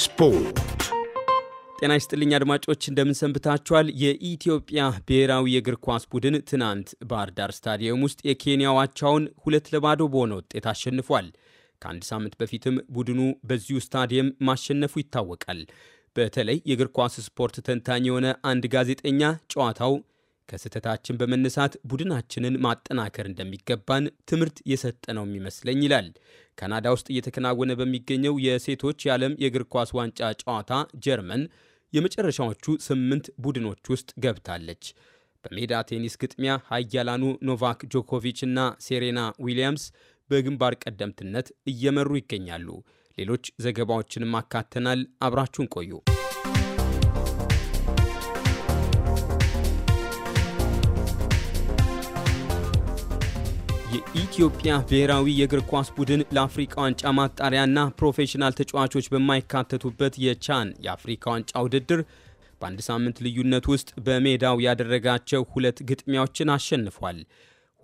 ስፖርት ጤና ይስጥልኝ አድማጮች፣ እንደምንሰንብታችኋል። የኢትዮጵያ ብሔራዊ የእግር ኳስ ቡድን ትናንት ባህር ዳር ስታዲየም ውስጥ የኬንያ አቻውን ሁለት ለባዶ በሆነ ውጤት አሸንፏል። ከአንድ ሳምንት በፊትም ቡድኑ በዚሁ ስታዲየም ማሸነፉ ይታወቃል። በተለይ የእግር ኳስ ስፖርት ተንታኝ የሆነ አንድ ጋዜጠኛ ጨዋታው ከስህተታችን በመነሳት ቡድናችንን ማጠናከር እንደሚገባን ትምህርት የሰጠ ነው የሚመስለኝ ይላል። ካናዳ ውስጥ እየተከናወነ በሚገኘው የሴቶች የዓለም የእግር ኳስ ዋንጫ ጨዋታ ጀርመን የመጨረሻዎቹ ስምንት ቡድኖች ውስጥ ገብታለች። በሜዳ ቴኒስ ግጥሚያ ኃያላኑ ኖቫክ ጆኮቪች እና ሴሬና ዊሊያምስ በግንባር ቀደምትነት እየመሩ ይገኛሉ። ሌሎች ዘገባዎችንም አካተናል። አብራችሁን ቆዩ። ኢትዮጵያ ብሔራዊ የእግር ኳስ ቡድን ለአፍሪካ ዋንጫ ማጣሪያና ፕሮፌሽናል ተጫዋቾች በማይካተቱበት የቻን የአፍሪካ ዋንጫ ውድድር በአንድ ሳምንት ልዩነት ውስጥ በሜዳው ያደረጋቸው ሁለት ግጥሚያዎችን አሸንፏል።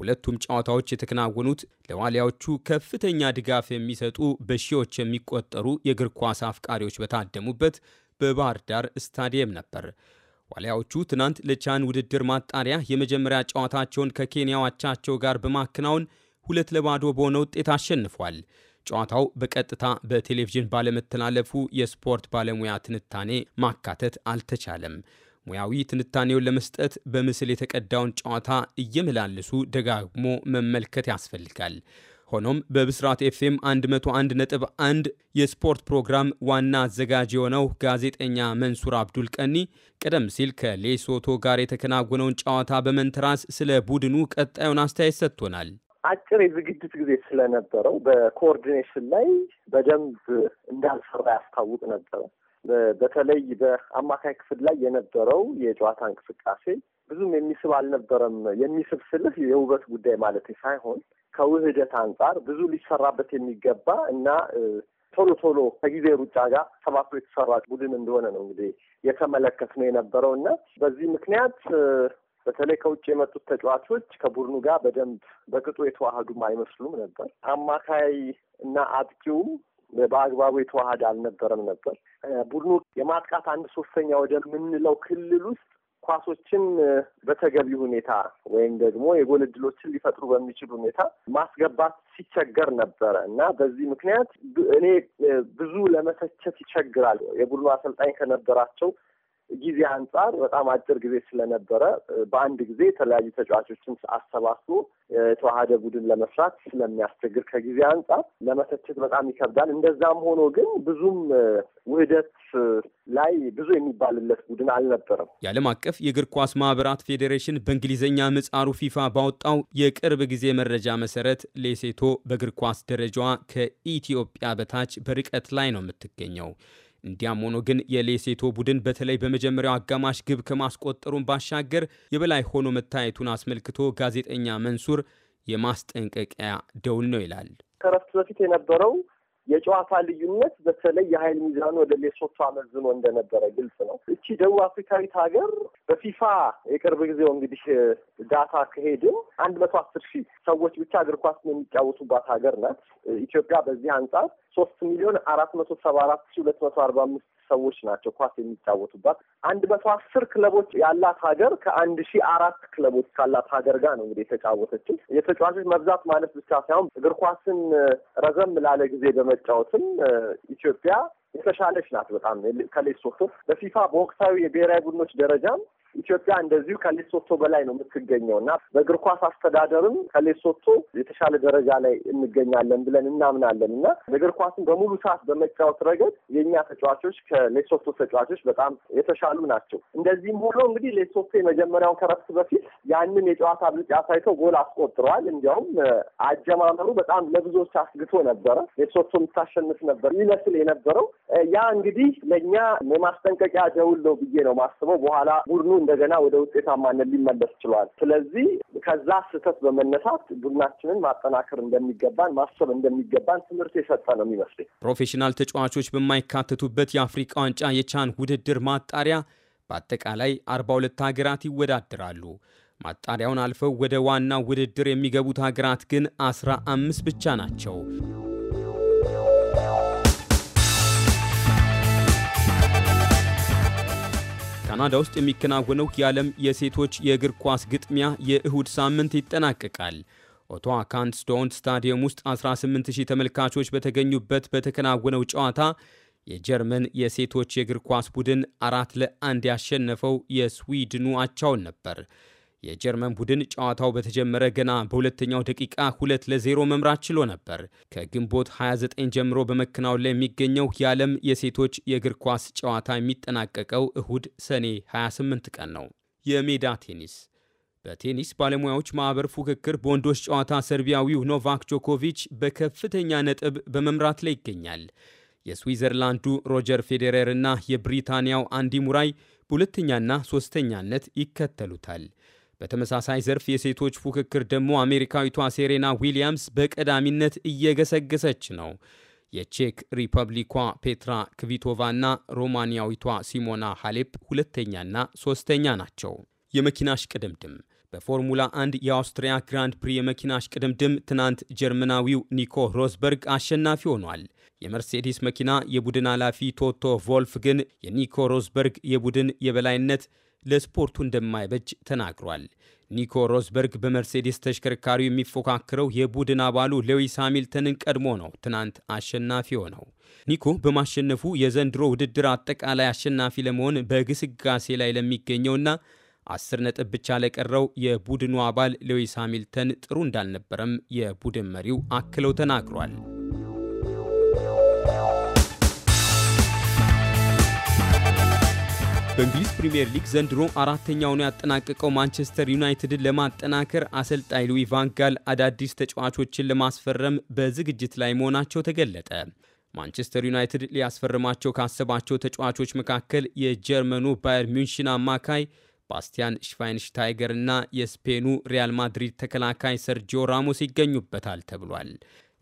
ሁለቱም ጨዋታዎች የተከናወኑት ለዋሊያዎቹ ከፍተኛ ድጋፍ የሚሰጡ በሺዎች የሚቆጠሩ የእግር ኳስ አፍቃሪዎች በታደሙበት በባህር ዳር ስታዲየም ነበር። ዋሊያዎቹ ትናንት ለቻን ውድድር ማጣሪያ የመጀመሪያ ጨዋታቸውን ከኬንያ አቻቸው ጋር በማከናወን ሁለት ለባዶ በሆነ ውጤት አሸንፏል። ጨዋታው በቀጥታ በቴሌቪዥን ባለመተላለፉ የስፖርት ባለሙያ ትንታኔ ማካተት አልተቻለም። ሙያዊ ትንታኔውን ለመስጠት በምስል የተቀዳውን ጨዋታ እየመላለሱ ደጋግሞ መመልከት ያስፈልጋል። ሆኖም በብስራት ኤፍኤም 1 የስፖርት ፕሮግራም ዋና አዘጋጅ የሆነው ጋዜጠኛ መንሱር አብዱል ቀኒ ቀደም ሲል ከሌሶቶ ጋር የተከናወነውን ጨዋታ በመንተራስ ስለ ቡድኑ ቀጣዩን አስተያየት ሰጥቶናል። አጭር የዝግጅት ጊዜ ስለነበረው በኮኦርዲኔሽን ላይ በደንብ እንዳልሰራ ያስታውቅ ነበረ። በተለይ በአማካይ ክፍል ላይ የነበረው የጨዋታ እንቅስቃሴ ብዙም የሚስብ አልነበረም። የሚስብ ስልህ የውበት ጉዳይ ማለት ሳይሆን ከውህደት አንጻር ብዙ ሊሰራበት የሚገባ እና ቶሎ ቶሎ ከጊዜ ሩጫ ጋር ተባብሮ የተሰራ ቡድን እንደሆነ ነው እንግዲህ የተመለከት ነው የነበረው እና በዚህ ምክንያት በተለይ ከውጭ የመጡት ተጫዋቾች ከቡድኑ ጋር በደንብ በቅጡ የተዋህዱም አይመስሉም ነበር። አማካይ እና አጥቂውም በአግባቡ የተዋህደ አልነበረም ነበር። ቡድኑ የማጥቃት አንድ ሶስተኛ ወደምንለው ክልል ውስጥ ኳሶችን በተገቢ ሁኔታ ወይም ደግሞ የጎል እድሎችን ሊፈጥሩ በሚችል ሁኔታ ማስገባት ሲቸገር ነበረ እና በዚህ ምክንያት እኔ ብዙ ለመተቸት ይቸግራል የቡድኑ አሰልጣኝ ከነበራቸው ጊዜ አንጻር በጣም አጭር ጊዜ ስለነበረ በአንድ ጊዜ የተለያዩ ተጫዋቾችን አሰባስቦ የተዋሃደ ቡድን ለመስራት ስለሚያስቸግር ከጊዜ አንጻር ለመተቸት በጣም ይከብዳል። እንደዛም ሆኖ ግን ብዙም ውህደት ላይ ብዙ የሚባልለት ቡድን አልነበረም። የዓለም አቀፍ የእግር ኳስ ማህበራት ፌዴሬሽን በእንግሊዝኛ ምጻሩ ፊፋ ባወጣው የቅርብ ጊዜ መረጃ መሰረት ሌሴቶ በእግር ኳስ ደረጃዋ ከኢትዮጵያ በታች በርቀት ላይ ነው የምትገኘው። እንዲያም ሆኖ ግን የሌሴቶ ቡድን በተለይ በመጀመሪያው አጋማሽ ግብ ከማስቆጠሩን ባሻገር የበላይ ሆኖ መታየቱን አስመልክቶ ጋዜጠኛ መንሱር የማስጠንቀቂያ ደውል ነው ይላል። ከረፍት በፊት የነበረው የጨዋታ ልዩነት በተለይ የሀይል ሚዛኑ ወደ ሌሶቶ አመዝኖ እንደነበረ ግልጽ ነው። እቺ ደቡብ አፍሪካዊት ሀገር በፊፋ የቅርብ ጊዜው እንግዲህ ዳታ ከሄድም አንድ መቶ አስር ሺህ ሰዎች ብቻ እግር ኳስ የሚጫወቱባት ሀገር ናት። ኢትዮጵያ በዚህ አንጻር ሶስት ሚሊዮን አራት መቶ ሰባ አራት ሺ ሁለት መቶ አርባ አምስት ሰዎች ናቸው ኳስ የሚጫወቱባት። አንድ መቶ አስር ክለቦች ያላት ሀገር ከአንድ ሺ አራት ክለቦች ካላት ሀገር ጋር ነው እንግዲህ የተጫወተችው። የተጫዋቾች መብዛት ማለት ብቻ ሳይሆን እግር ኳስን ረዘም ላለ ጊዜ በመጫወትም ኢትዮጵያ የተሻለች ናት። በጣም ከሌሶቶ በፊፋ በወቅታዊ የብሔራዊ ቡድኖች ደረጃም ኢትዮጵያ እንደዚሁ ከሌሶቶ በላይ ነው የምትገኘው እና በእግር ኳስ አስተዳደርም ከሌሶቶ የተሻለ ደረጃ ላይ እንገኛለን ብለን እናምናለን እና በእግር ኳስም በሙሉ ሰዓት በመጫወት ረገድ የእኛ ተጫዋቾች ከሌሶቶ ተጫዋቾች በጣም የተሻሉ ናቸው። እንደዚህም ሆኖ እንግዲህ ሌሶቶ የመጀመሪያውን ከረፍት በፊት ያንን የጨዋታ ብልጫ አሳይተው ጎል አስቆጥረዋል። እንዲያውም አጀማመሩ በጣም ለብዙዎች አስግቶ ነበረ። ሌሶቶ የምታሸንፍ ነበር ይመስል የነበረው ያ እንግዲህ ለእኛ የማስጠንቀቂያ ደውል ነው ብዬ ነው ማስበው በኋላ ቡድኑ እንደገና ወደ ውጤታማነት ሊመለስ ችሏል። ስለዚህ ከዛ ስህተት በመነሳት ቡድናችንን ማጠናከር እንደሚገባን ማሰብ እንደሚገባን ትምህርት የሰጠ ነው የሚመስለኝ። ፕሮፌሽናል ተጫዋቾች በማይካተቱበት የአፍሪቃ ዋንጫ የቻን ውድድር ማጣሪያ በአጠቃላይ 42 ሀገራት ይወዳደራሉ። ማጣሪያውን አልፈው ወደ ዋና ውድድር የሚገቡት ሀገራት ግን 15 ብቻ ናቸው። ካናዳ ውስጥ የሚከናወነው የዓለም የሴቶች የእግር ኳስ ግጥሚያ የእሁድ ሳምንት ይጠናቀቃል። ኦቶዋ ካንትስቶን ስታዲየም ውስጥ 18000 ተመልካቾች በተገኙበት በተከናወነው ጨዋታ የጀርመን የሴቶች የእግር ኳስ ቡድን አራት ለአንድ ያሸነፈው የስዊድኑ አቻውን ነበር። የጀርመን ቡድን ጨዋታው በተጀመረ ገና በሁለተኛው ደቂቃ ሁለት ለዜሮ መምራት ችሎ ነበር። ከግንቦት 29 ጀምሮ በመከናወን ላይ የሚገኘው የዓለም የሴቶች የእግር ኳስ ጨዋታ የሚጠናቀቀው እሁድ ሰኔ 28 ቀን ነው። የሜዳ ቴኒስ በቴኒስ ባለሙያዎች ማህበር ፉክክር በወንዶች ጨዋታ ሰርቢያዊው ኖቫክ ጆኮቪች በከፍተኛ ነጥብ በመምራት ላይ ይገኛል። የስዊዘርላንዱ ሮጀር ፌዴረር እና የብሪታንያው አንዲ ሙራይ በሁለተኛና ሶስተኛነት ይከተሉታል። በተመሳሳይ ዘርፍ የሴቶች ፉክክር ደግሞ አሜሪካዊቷ ሴሬና ዊሊያምስ በቀዳሚነት እየገሰገሰች ነው። የቼክ ሪፐብሊኳ ፔትራ ክቪቶቫና ሮማንያዊቷ ሲሞና ሃሌፕ ሁለተኛና ሶስተኛ ናቸው። የመኪና እሽቅድምድም በፎርሙላ 1 የአውስትሪያ ግራንድ ፕሪ የመኪና እሽቅድምድም ትናንት ጀርመናዊው ኒኮ ሮዝበርግ አሸናፊ ሆኗል። የመርሴዲስ መኪና የቡድን ኃላፊ ቶቶ ቮልፍ ግን የኒኮ ሮዝበርግ የቡድን የበላይነት ለስፖርቱ እንደማይበጅ ተናግሯል። ኒኮ ሮዝበርግ በመርሴዴስ ተሽከርካሪው የሚፎካክረው የቡድን አባሉ ሌዊስ ሃሚልተንን ቀድሞ ነው ትናንት አሸናፊ ሆነው። ኒኮ በማሸነፉ የዘንድሮ ውድድር አጠቃላይ አሸናፊ ለመሆን በግስጋሴ ላይ ለሚገኘውና አስር ነጥብ ብቻ ለቀረው የቡድኑ አባል ሌዊስ ሃሚልተን ጥሩ እንዳልነበረም የቡድን መሪው አክለው ተናግሯል። በእንግሊዝ ፕሪምየር ሊግ ዘንድሮ አራተኛውን ያጠናቀቀው ማንቸስተር ዩናይትድን ለማጠናከር አሰልጣኝ ሉዊ ቫንጋል አዳዲስ ተጫዋቾችን ለማስፈረም በዝግጅት ላይ መሆናቸው ተገለጠ። ማንቸስተር ዩናይትድ ሊያስፈርማቸው ካሰባቸው ተጫዋቾች መካከል የጀርመኑ ባየር ሚንሽን አማካይ ባስቲያን ሽቫይንሽታይገር እና የስፔኑ ሪያል ማድሪድ ተከላካይ ሰርጂዮ ራሞስ ይገኙበታል ተብሏል።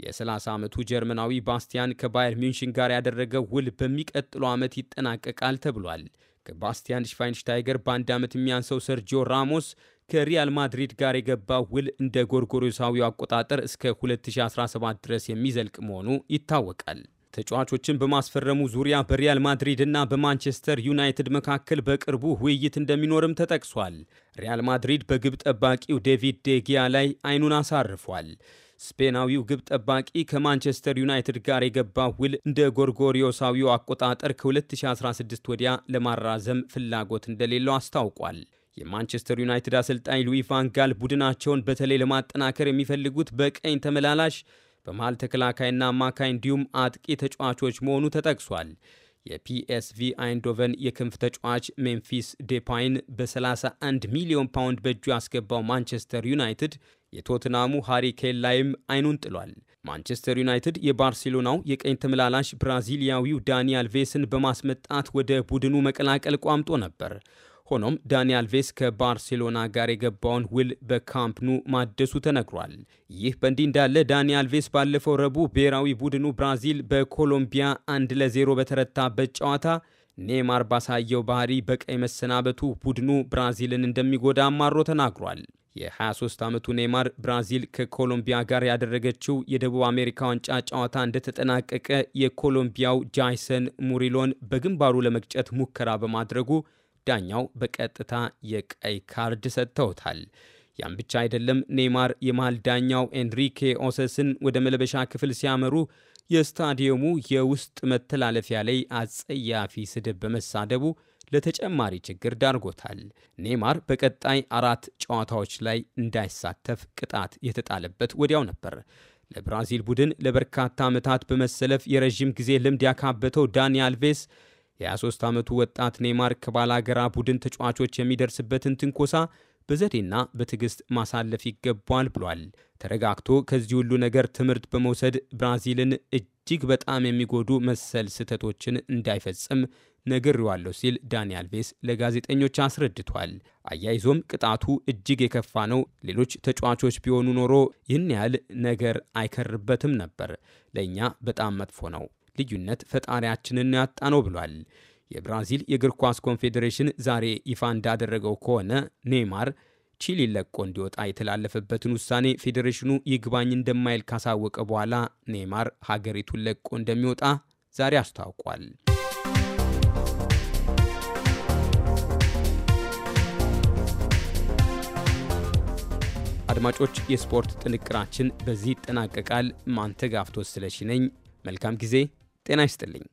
የ30 ዓመቱ ጀርመናዊ ባስቲያን ከባየር ሚንሽን ጋር ያደረገው ውል በሚቀጥለው ዓመት ይጠናቀቃል ተብሏል። ከባስቲያን ሽፋይንሽታይገር በአንድ ዓመት የሚያንሰው ሰርጂዮ ራሞስ ከሪያል ማድሪድ ጋር የገባው ውል እንደ ጎርጎሮሳዊው አቆጣጠር እስከ 2017 ድረስ የሚዘልቅ መሆኑ ይታወቃል። ተጫዋቾችን በማስፈረሙ ዙሪያ በሪያል ማድሪድ እና በማንቸስተር ዩናይትድ መካከል በቅርቡ ውይይት እንደሚኖርም ተጠቅሷል። ሪያል ማድሪድ በግብ ጠባቂው ዴቪድ ዴጊያ ላይ አይኑን አሳርፏል። ስፔናዊው ግብ ጠባቂ ከማንቸስተር ዩናይትድ ጋር የገባው ውል እንደ ጎርጎሪዮሳዊው አቆጣጠር ከ2016 ወዲያ ለማራዘም ፍላጎት እንደሌለው አስታውቋል። የማንቸስተር ዩናይትድ አሰልጣኝ ሉዊ ቫንጋል ቡድናቸውን በተለይ ለማጠናከር የሚፈልጉት በቀኝ ተመላላሽ፣ በመሃል ተከላካይና አማካይ እንዲሁም አጥቂ ተጫዋቾች መሆኑ ተጠቅሷል። የፒኤስቪ አይንዶቨን የክንፍ ተጫዋች ሜምፊስ ዴፓይን በ31 ሚሊዮን ፓውንድ በእጁ ያስገባው ማንቸስተር ዩናይትድ የቶትናሙ ሃሪ ኬን ላይም አይኑን ጥሏል። ማንቸስተር ዩናይትድ የባርሴሎናው የቀኝ ተመላላሽ ብራዚሊያዊው ዳኒ አልቬስን በማስመጣት ወደ ቡድኑ መቀላቀል ቋምጦ ነበር። ሆኖም ዳኒ አልቬስ ከባርሴሎና ጋር የገባውን ውል በካምፕ ማደሱ ተነግሯል። ይህ በእንዲህ እንዳለ ዳኒ አልቬስ ባለፈው ረቡዕ ብሔራዊ ቡድኑ ብራዚል በኮሎምቢያ አንድ ለዜሮ በተረታበት ጨዋታ ኔማር ባሳየው ባህሪ በቀይ መሰናበቱ ቡድኑ ብራዚልን እንደሚጎዳ አማሮ ተናግሯል። የ23 ዓመቱ ኔይማር ብራዚል ከኮሎምቢያ ጋር ያደረገችው የደቡብ አሜሪካ ዋንጫ ጨዋታ እንደተጠናቀቀ የኮሎምቢያው ጃይሰን ሙሪሎን በግንባሩ ለመግጨት ሙከራ በማድረጉ ዳኛው በቀጥታ የቀይ ካርድ ሰጥተውታል። ያም ብቻ አይደለም። ኔይማር የመሃል ዳኛው ኤንሪኬ ኦሰስን ወደ መለበሻ ክፍል ሲያመሩ የስታዲየሙ የውስጥ መተላለፊያ ላይ አጸያፊ ስድብ በመሳደቡ ለተጨማሪ ችግር ዳርጎታል። ኔይማር በቀጣይ አራት ጨዋታዎች ላይ እንዳይሳተፍ ቅጣት የተጣለበት ወዲያው ነበር። ለብራዚል ቡድን ለበርካታ ዓመታት በመሰለፍ የረዥም ጊዜ ልምድ ያካበተው ዳኒ አልቬስ የ23 ዓመቱ ወጣት ኔይማር ከባላገራ ቡድን ተጫዋቾች የሚደርስበትን ትንኮሳ በዘዴና በትዕግስት ማሳለፍ ይገባል ብሏል። ተረጋግቶ ከዚህ ሁሉ ነገር ትምህርት በመውሰድ ብራዚልን እጅግ በጣም የሚጎዱ መሰል ስህተቶችን እንዳይፈጽም ነግሬዋለሁ ሲል ዳኒ አልቬስ ለጋዜጠኞች አስረድቷል። አያይዞም ቅጣቱ እጅግ የከፋ ነው። ሌሎች ተጫዋቾች ቢሆኑ ኖሮ ይህን ያህል ነገር አይከርበትም ነበር። ለእኛ በጣም መጥፎ ነው። ልዩነት ፈጣሪያችንን ያጣ ነው ብሏል። የብራዚል የእግር ኳስ ኮንፌዴሬሽን ዛሬ ይፋ እንዳደረገው ከሆነ ኔይማር ቺሊ ለቆ እንዲወጣ የተላለፈበትን ውሳኔ ፌዴሬሽኑ ይግባኝ እንደማይል ካሳወቀ በኋላ ኔይማር ሀገሪቱን ለቆ እንደሚወጣ ዛሬ አስታውቋል። አድማጮች፣ የስፖርት ጥንቅራችን በዚህ ይጠናቀቃል። ማንተጋፍቶ ስለሺ ነኝ። መልካም ጊዜ። ጤና ይስጥልኝ።